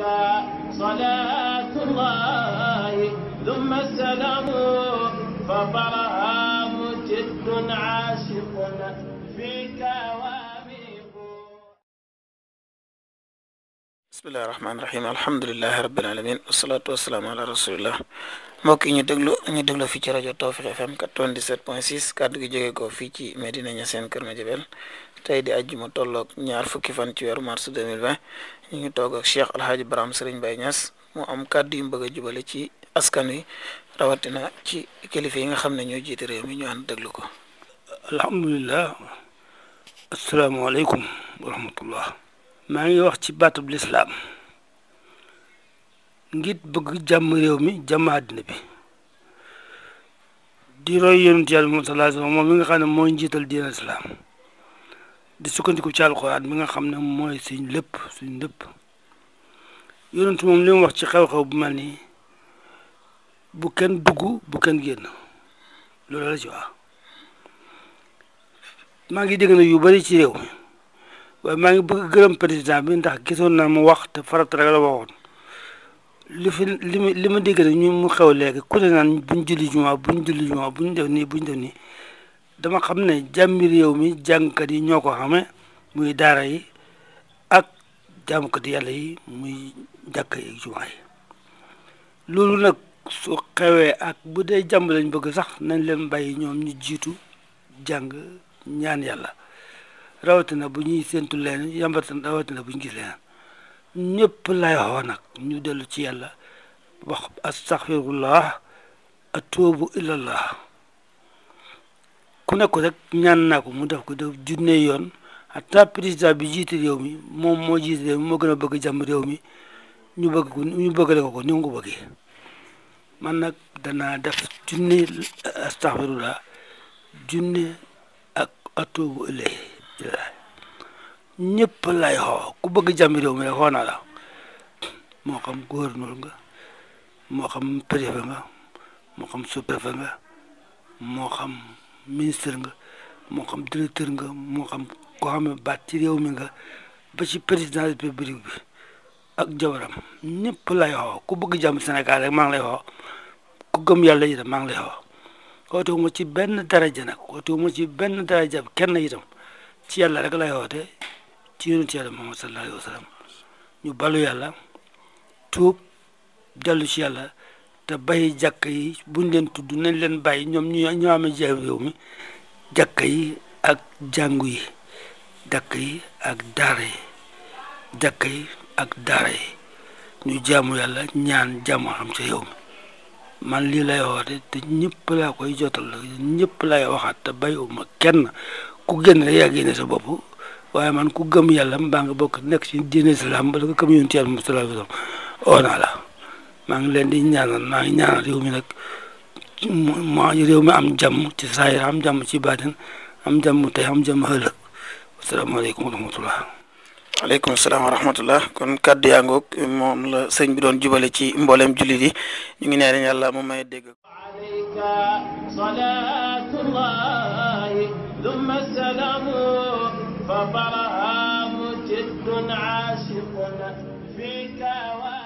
عليك صلاة الله ثم السلام فطرها مجد عاشق فيك واميق بسم الله الرحمن الرحيم الحمد لله رب العالمين والصلاة والسلام على رسول الله mbokk yi ñu déglu ñu déglu fii ci rajo Tawfekh FM 97.6 kàddu gi jóge ko fii ci Medina Niassène Kër Madiabel tey di àjjuma tolloog ñaar fukki fan ci weeru mars 2020 ñu ngi toog ak Cheikh El Hadj Braham Serigne Baye mu am kàdd yu mu bëgg a jubale ci askan wi rawatina ci kilifa yi nga xam ne ñoo jiite réew mi ñu ànd déglu ko. alhamdulilah. asalaamaaleykum wa rahmatullah. maa ngi wax ci baatub lislaam ngir bëgg jàmm réew mi jàmm àddina bi di roy yonent moom sallallahu alayhi moom mi nga xam ne mooy njiital diine lislaam di sukkandiku ci alxuraan mi nga xam ne mooy suñ lépp suñ lépp yonent moom li mu wax ci xew-xew bu mel nii bu kenn dugg bu kenn génn loolu la ci wax maa ngi dégg na yu bari ci réew maa ngi bëgg gërëm président bi ndax gisoon naa mu wax te farata rek la waxoon li fi li ma li ma dégg nag ñu mu xew léegi ku ne naan buñ julli jumaa buñ julli jumaa buñ def nii buñ def nii dama xam ne jàmmi réew mi jàngkat yi ñoo ko xame muy daara yi ak jaamukat yàlla yi muy jàkka yi ak jumaa yi loolu nag su xewee ak bu dee jàmm lañ bëgg sax nañ leen bàyyi ñoom ñu jiitu jàng ñaan yàlla rawatina bu ñuy séentu leen yambarta rawatina bu ñu gis leen ñëpp lay wax nag ñu dellu ci yàlla wax astaxfirullah atuubu ilallah ku nekk rek ñaan naa ko mu def ko def junne yoon hatta président bi jiite réew mi moom moo jiite réew mi moo gën a bëgg jàmm réew mi ñu bëgg ko ñu bëggale ko ko ni mu ko bëggee man nag danaa def junne astaghfirullah junne ak atubu ilayhi ñëpp lay xoo ku bëgg jàmm réew mi rek xoo la moo xam gouverneur nga moo xam préfet nga moo xam sous-préfet moo xam ministre nga moo xam directeur nga moo xam koo xam ne baat ci réew mi nga ba ci président de république bi ak jabaram ñëpp lay xoo ku bëgg jàmm Sénégal rek maa ngi lay xoo ku gëm yàlla itam maa ngi lay xoo xootewu ma ci benn daraja nag xootewu ma ci benn daraja kenn itam ci yàlla rek lay xoote ci yonent yàlla Muhammad sallallahu alayhi wa sallam ñu balu yàlla tuub dellu ci yàlla te bay jàkka yi buñ leen tudd nañ leen bàyyi ñoom ñu ñoo amee jaam réew mi yi ak jàngu yi jàkka yi ak daara yi yi ak daara yi ñu jaamu yàlla ñaan jaamu xam ca man lii lay woote ñëpp laa koy jotal ñëpp lay waxaat te bàyyiwuma kenn ku génn rek yaa génne sa bopp waaye man ku gëm yàlla mbaa nga bokk nekk si diine islam bala nga gëm yonent yàlla moom sallallahu alayhi wa sallam maa ngi leen di ñaanal maa ngi ñaanal réew mi nag mu réew mi am jàmm ci saayir am jàmm ci baatin am jàmm tey am jàmm ëllëg asalaamaaleykum wa rahmatullah aleykum salaam wa rahmatullah kon kàddu yaa ngoog moom bi doon jubale ci mboolem jullit yi ñu ngi neen yàlla mu may dégg alayka salaatullahi thumma salaamu fa barahamu jiddun aashiqun fika